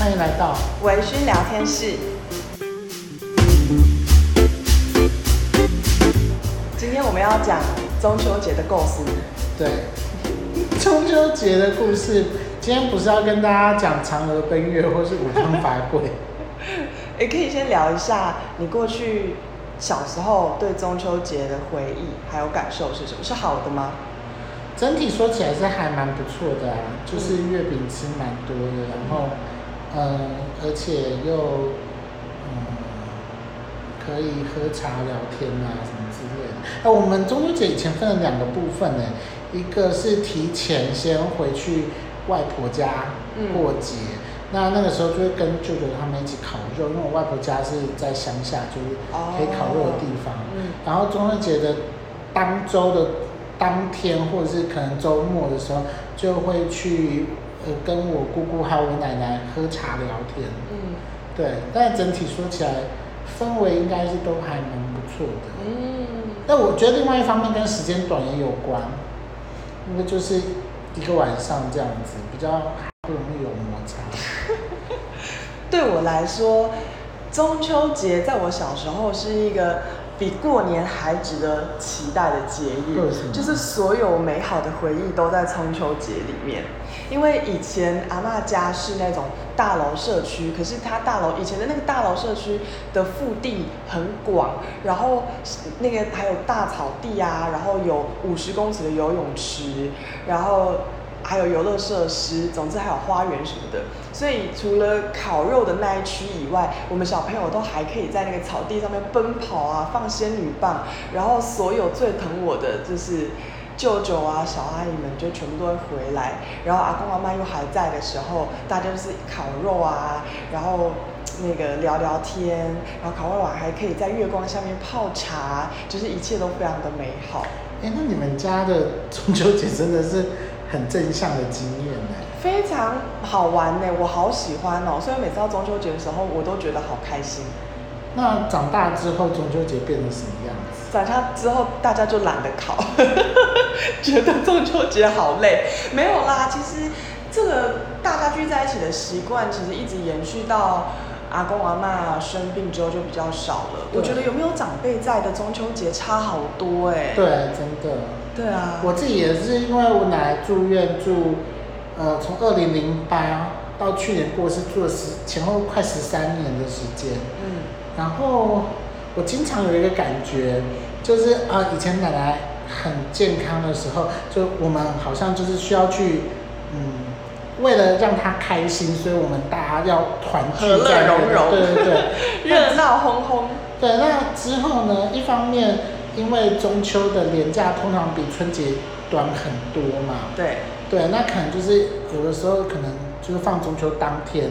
歡迎來到微醺聊天室。嗯、今天我們要講中秋節的故事。對，中秋節的故事，今天不是要跟大家講嫦娥奔月，或是吳剛伐桂。也、 欸、可以先聊一下你過去小時候對中秋節的回憶還有感受是什麼？是好的嗎？整體說起來是還蠻不錯的啊，就是月餅吃蠻多的，嗯、然後。嗯，而且又嗯，可以喝茶聊天啊，什麼之類的。那我們中秋節以前分了兩個部分呢，一個是提前先回去外婆家過節，嗯、那那個時候就會跟舅舅他們一起烤肉，因為我外婆家是在鄉下，就是可以烤肉的地方。哦嗯、然後中秋節的當周的當天，或者是可能周末的時候，就會去。跟我姑姑還有我奶奶喝茶聊天，嗯，對，但整體說起來，氛圍應該是都還蠻不錯的。嗯，但我覺得另外一方面跟時間短也有關，因為就是一個晚上這樣子，比較不容易有摩擦。對我來說，中秋節在我小時候是一個。比過年還值得期待的節日，就是所有美好的回憶都在中秋節裡面。因為以前阿嬤家是那種大樓社區，可是他大樓以前的那個大樓社區的腹地很廣，然後那個還有大草地啊，然後有五十公尺的游泳池，然後。還有遊樂設施，總之還有花園什麼的，所以除了烤肉的那一區以外，我們小朋友都還可以在那個草地上面奔跑啊，放仙女棒。然後所有最疼我的就是舅舅啊、小阿姨們，就全部都會回來。然後阿公阿嬤又還在的時候，大家就是烤肉啊，然後那個聊聊天，然後烤完，還可以在月光下面泡茶，就是一切都非常的美好。哎，那你們家的中秋節真的是？很正向的經驗，非常好玩，我好喜歡哦，所以每次到中秋節的時候，我都覺得好開心。那長大之後中秋節變成什麼樣子？長大之後大家就懶得烤，覺得中秋節好累。沒有啦，其實這個大家聚在一起的習慣，其實一直延續到阿公阿媽生病之後就比較少了。對我覺得有沒有長輩在的中秋節差好多哎。對，真的。對啊，我自己也是，因為我奶奶住院住，呃，從二零零八到去年過世，住了十，前後快十三年的時間。嗯、然後我經常有一個感覺，就是啊、呃，以前奶奶很健康的時候，就我們好像就是需要去，嗯，為了讓她開心，所以我們大家要團聚在，和樂融融，對對對，熱鬧哄哄。那對，那之後呢，一方面。因為中秋的連假通常比春節短很多嘛，對，對對，那可能就是有的時候可能就是放中秋當天，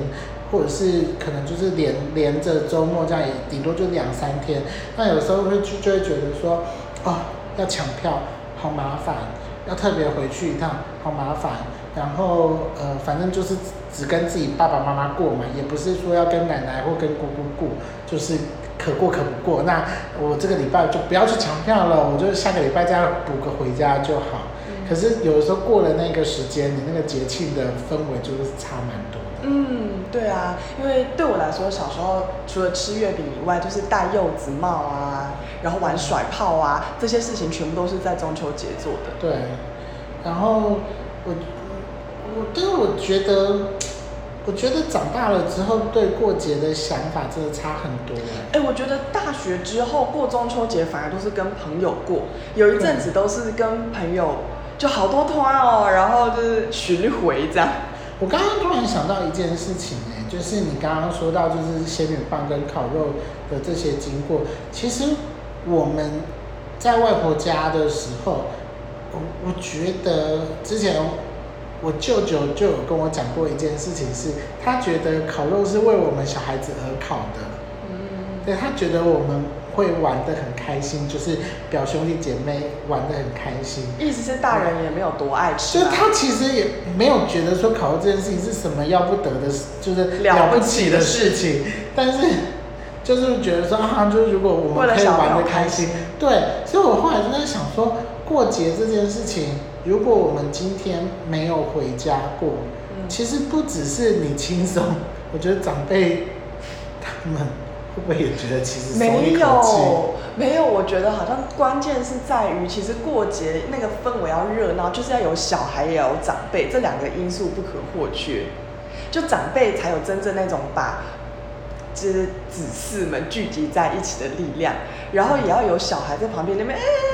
或者是可能就是連連着週末這樣也，頂多就兩三天。那有時候會去就，就會覺得說，啊、哦，要搶票好麻煩，要特別回去一趟好麻煩。然後呃，反正就是只，只跟自己爸爸媽媽過嘛，也不是說要跟奶奶或跟姑姑過，就是。可過可不過，那我這個禮拜就不要去搶票了，我就下個禮拜再補個回家就好。嗯、可是有的時候過了那個時間，你那個節慶的氛圍就是差蠻多的。嗯，對啊，因為對我來說，小時候除了吃月餅以外，就是戴柚子帽啊，然後玩甩炮啊，嗯、這些事情全部都是在中秋節做的。對，然後我我，但我覺得。我覺得長大了之後，對過節的想法真的差很多。哎、欸，我覺得大學之後過中秋節，反而都是跟朋友過。有一陣子都是跟朋友，就好多團哦，對然後就是巡迴這樣。我剛剛突然想到一件事情，哎，就是你剛剛說到，就是仙女棒跟烤肉的這些經過。其實我們在外婆家的時候，我我覺得之前。我舅舅就有跟我講過一件事情是，是他覺得烤肉是為我們小孩子而烤的，嗯，對他覺得我們會玩得很開心，就是表兄弟姐妹玩得很開心。意思是大人也沒有多愛吃。就是他其實也沒有覺得說烤肉這件事情是什麼要不得的，就是了不起的事情，事情，但是就是覺得說啊，就是如果我們可以玩得開心，對。所以我後來就在想，說過節這件事情。如果我們今天沒有回家過，嗯、其實不只是你輕鬆，嗯、我覺得長輩他們會不會也覺得輕鬆沒有沒有？我覺得好像關鍵是在於，其實過節那個氛圍要熱鬧，就是要有小孩也有長輩，這兩個因素不可或缺。就長輩才有真正那種把這子嗣們聚集在一起的力量，然後也要有小孩在旁邊那邊哎。嗯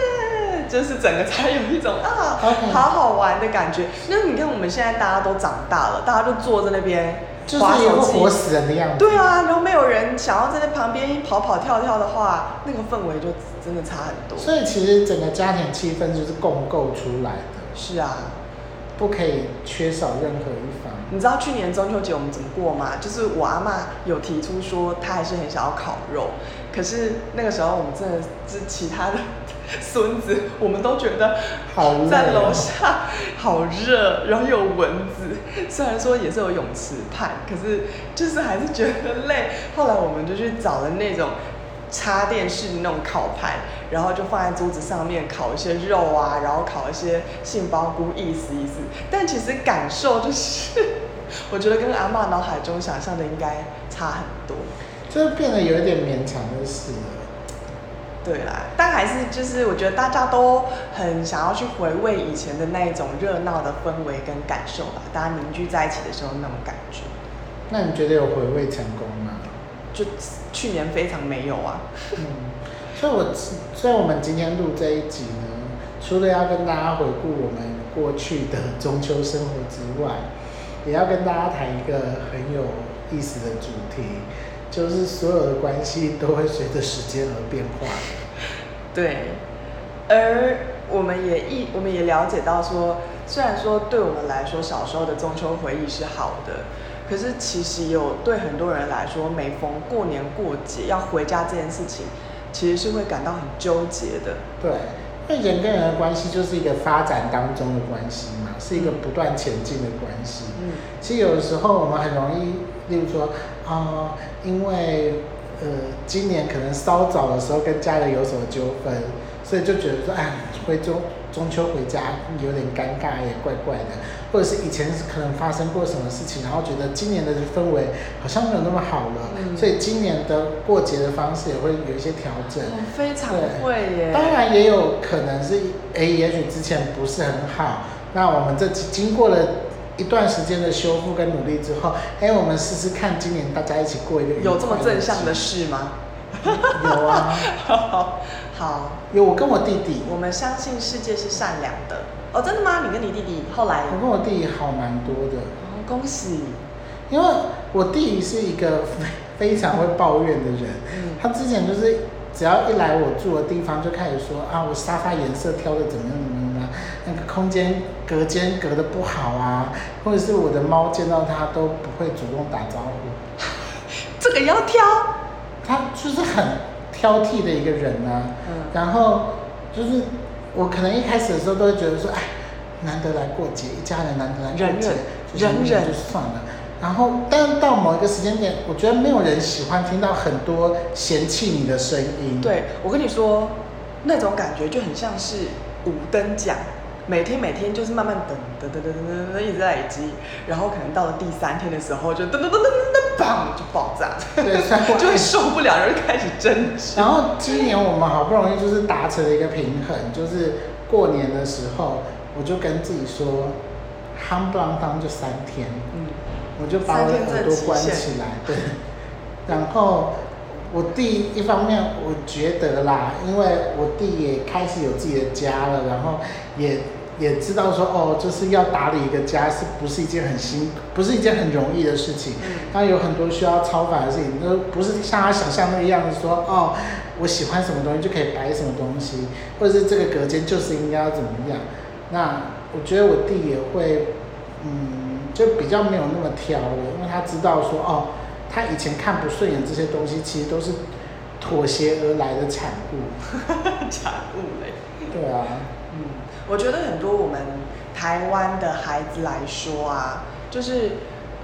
就是整個才有一種啊，好好玩的感覺。Okay. 那你看我們現在大家都長大了，大家都坐在那邊，就是活死人的樣子。對啊，如果沒有人想要在那旁邊跑跑跳跳的話，那個氛圍就真的差很多。所以其實整個家庭氣氛就是共構出來的。是啊，不可以缺少任何一方。你知道去年中秋節我們怎麼過嗎？就是我阿媽有提出說她還是很想要烤肉，可是那個時候我們真的是其他的。孫子，我們都覺得好，在樓下好熱，好累哦、然後有蚊子。雖然說也是有泳池畔，可是就是還是覺得累。後來我們就去找了那種插電式的那種烤盤，然後就放在桌子上面烤一些肉啊，然後烤一些杏鮑菇，意思意思。但其實感受就是，我覺得跟阿嬤腦海中想象的應該差很多，就變得有一點勉強，就是。對啦，但還是就是我覺得大家都很想要去回味以前的那一種熱鬧的氛圍跟感受吧，大家凝聚在一起的時候那種感覺。那你覺得有回味成功嗎？就去年非常沒有啊。嗯，所以我，我所以，我們今天錄這一集呢，除了要跟大家回顧我們過去的中秋生活之外，也要跟大家談一個很有意思的主題。就是所有的關係都會隨着時間而變化，對。而我們也一我們也了解到說，雖然說對我們來說小時候的中秋回憶是好的，可是其實有對很多人來說，每逢過年過節要回家這件事情，其實是會感到很糾結的。對，那人跟人的關係就是一個發展當中的關係嘛，是一個不斷前進的關係。嗯，其實有的時候我們很容易，例如說。啊，uh, 因為呃，今年可能稍早的時候跟家人有所糾紛，所以就覺得說，哎，回中中秋回家有點尷尬也怪怪的，或者是以前可能發生過什麼事情，然後覺得今年的氛圍好像沒有那麼好了，嗯、所以今年的過節的方式也會有一些調整、哦。非常的會耶！對，當然也有可能是哎、欸，也許之前不是很好，那我們這經過了。一段時間的修復跟努力之後，哎、欸，我們試試看，今年大家一起過一個愉快的日子。有這麼正向的事嗎？ 有啊，好，好，好，有我跟我弟弟，我們相信世界是善良的。哦，真的嗎？你跟你弟弟後來？我跟我弟弟好蠻多的，哦、恭喜你，因為我弟弟是一個非非常會抱怨的人， 嗯、他之前就是只要一來我住的地方就開始說啊，我沙發顏色挑的怎麼樣怎麼樣。那個空間隔間隔的不好啊，或者是我的貓見到它都不會主動打招呼，這個要挑，他就是很挑剔的一個人啊。嗯，然後就是我可能一開始的時候都會覺得說，哎，難得來過節，一家人難得來過節，忍忍人就是算了。人人然後，但到某一個時間點，我覺得沒有人喜歡聽到很多嫌棄你的聲音。對，我跟你說，那種感覺就很像是五燈獎。每天每天就是慢慢等，等等等等一直在累積，然後可能到了第三天的時候就噔噔噔噔噔噔砰就爆炸，對棒， 就會受不了，就會開始爭執。然後今年我們好不容易就是達成了一個平衡，就是過年的時候我就跟自己說，夯不啷當就三天，我就把我的耳朵關起來，對，然後。我弟一方面我覺得啦，因為我弟也開始有自己的家了，然後也也知道說哦，就是要打理一個家，是不是一件很辛，不是一件很容易的事情。他有很多需要操煩的事情，都不是像他想象那樣子，是說哦，我喜歡什麼東西就可以擺什麼東西，或者是這個隔間就是應該要怎麼樣。那我覺得我弟也會，嗯，就比較沒有那麼挑了，因為他知道說哦。他以前看不順眼這些東西，其實都是妥協而來的產物，產物嘞。對啊，嗯，我覺得很多我們台灣的孩子來說啊，就是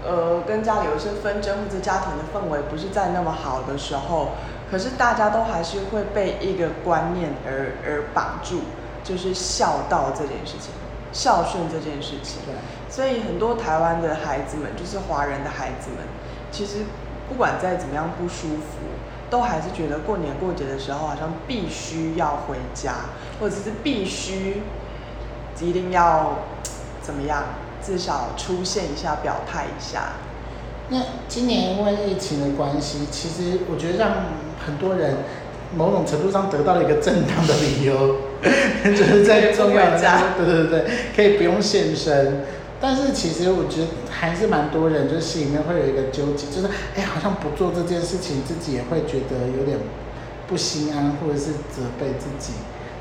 呃，跟家裡有些紛爭，或者家庭的氛圍不是在那麼好的時候，可是大家都還是會被一個觀念而而綁住，就是孝道這件事情，孝順這件事情。對所以很多台灣的孩子們，就是華人的孩子們，其實。不管再怎麼樣不舒服，都還是覺得過年過節的時候好像必須要回家，或者是必須一定要怎麼樣，至少出現一下，表態一下。那今年因為疫情的關係，其實我覺得讓很多人某種程度上得到了一個正當的理由， 就是在重要家，對對對，可以不用現身。但是其實我覺得還是蠻多人，就是、心裡面會有一個糾結，就是哎，好像不做這件事情，自己也會覺得有點不心安，或者是責備自己；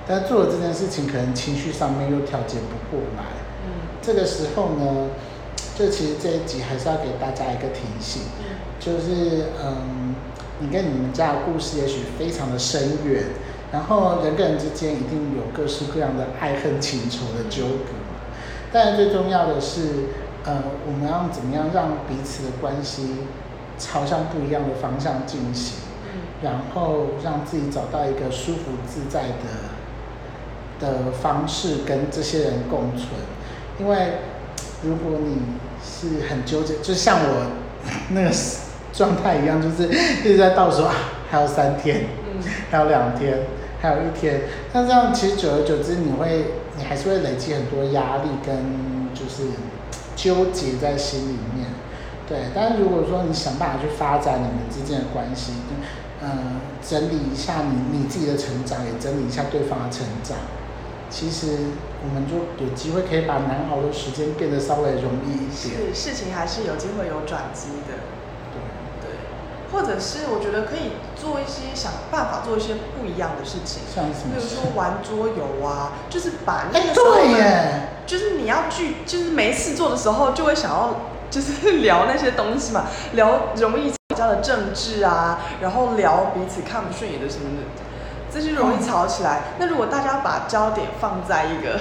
但做了這件事情，可能情緒上面又調節不過來。嗯，這個時候呢，就其實這一集還是要給大家一個提醒，嗯、就是嗯，你跟你們家的故事也許非常的深遠，然後人跟人之間一定有各式各樣的愛恨情仇的糾葛。但是最重要的是，呃，我們要怎麼樣讓彼此的關係朝向不一樣的方向進行，嗯、然後讓自己找到一個舒服自在的的方式跟這些人共存。因為如果你是很糾結，就像我那個狀態一樣，就是，就是一直在倒數啊，還有三天，嗯、還有兩天，還有一天。但這樣其實久而久之，你會。你還是會累積很多壓力跟就是糾結在心裡面，對。但是如果說你想辦法去發展你們之間的關係，嗯、呃，整理一下你你自己的成長，也整理一下對方的成長，其實我們就有機會可以把難熬的時間變得稍微容易一些。是，事情還是有機會有轉機的。或者是我覺得可以做一些想辦法做一些不一樣的事情，事比如說玩桌遊啊，就是把那個、欸，對，就是你要聚，就是沒事做的時候就會想要就是聊那些東西嘛，聊容易吵架的政治啊，然後聊彼此看不順眼的什麼的，這些容易吵起來。嗯、那如果大家把焦點放在一個，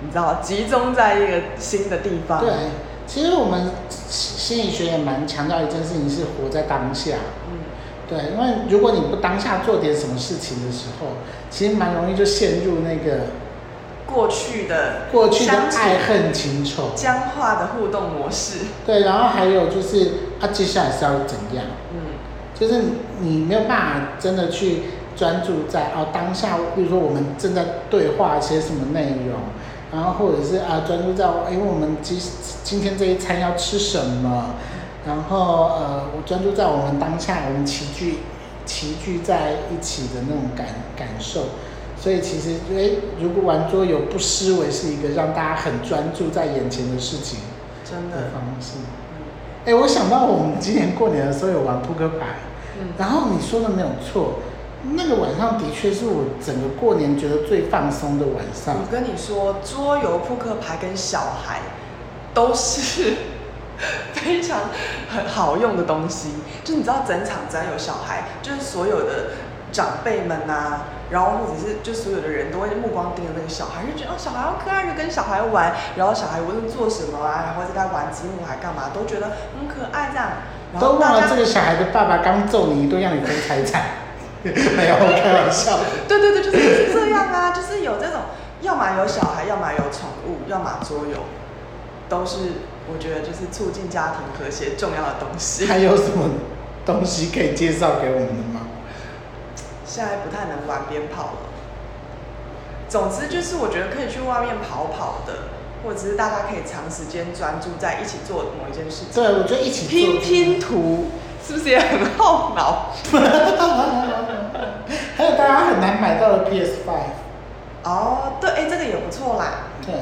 你知道，集中在一個新的地方。對。其實我們心理學也蠻強調一件事情，是活在當下。對，因為如果你不當下做點什麼事情的時候，其實蠻容易就陷入那個過去的過去的愛恨情仇、僵化的互動模式。對，然後還有就是，那、啊、接下來是要怎樣？嗯，就是你沒有辦法真的去專注在哦、啊、當下，比如說我們正在對話一些什麼內容。然後或者是啊，專注在誒，因為我們今今天這一餐要吃什麼，然後呃，我專注在我們當下我們齊聚齊聚在一起的那種感感受，所以其實哎，如果玩桌遊不失為是一個讓大家很專注在眼前的事情，真的方式。哎的，我想到我們今年過年的時候有玩撲克牌，嗯，然後你說的沒有錯。那個晚上的確是我整個過年覺得最放鬆的晚上。我跟你說，桌遊、撲克牌跟小孩都是非常很好用的東西。就是你知道，整場只要有小孩，就是所有的長輩們啊，然後或者是就所有的人都會目光盯着那個小孩，就覺得哦，小孩好可愛，就跟小孩玩。然後小孩無論做什麼啊，然後在玩積木還幹嘛，都覺得很可愛這樣啊。都忘了這個小孩的爸爸剛揍你一頓，讓你可以開財產。 沒有、哎，開玩笑。 對對對，就是、是這樣啊，就是有這種，要麼有小孩，要麼有寵物，要麼桌遊，都是我覺得就是促進家庭和諧重要的東西。還有什麼東西可以介紹給我們嗎？ 現在不太能玩鞭炮了。總之就是我覺得可以去外面跑跑的，或者是大家可以長時間專注在一起做某一件事情。對，我覺得一起拼拼圖。是不是也很耗腦？ 還有大家很難買到的 PS Five。哦，oh, 對，哎、欸，這個也不錯啦。對。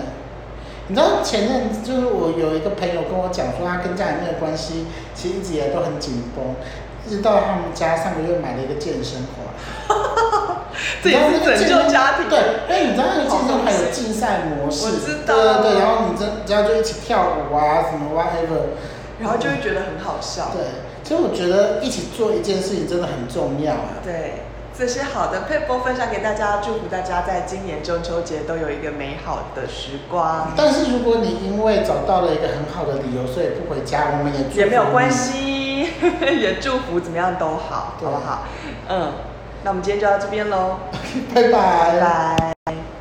你知道前陣子，就是我有一個朋友跟我講說，他跟家裡面的關係其實一直以來都很緊繃，一直到他們家上個月買了一個健身環。這也 己是拯救家庭。對，因為你知道那個健身環有競賽模式。 我知道。對、啊、對，然後你這這樣就一起跳舞啊，什麼 whatever。然後就會覺得很好笑。 對。所以我覺得一起做一件事情真的很重要啊。對，這些好的配播，分享給大家，祝福大家在今年中秋節都有一個美好的時光。但是如果你因為找到了一個很好的理由，所以不回家，我們也祝福，也沒有關係，也祝福怎麼樣都好，好不好？嗯，那我們今天就到這邊嘍，拜拜拜拜。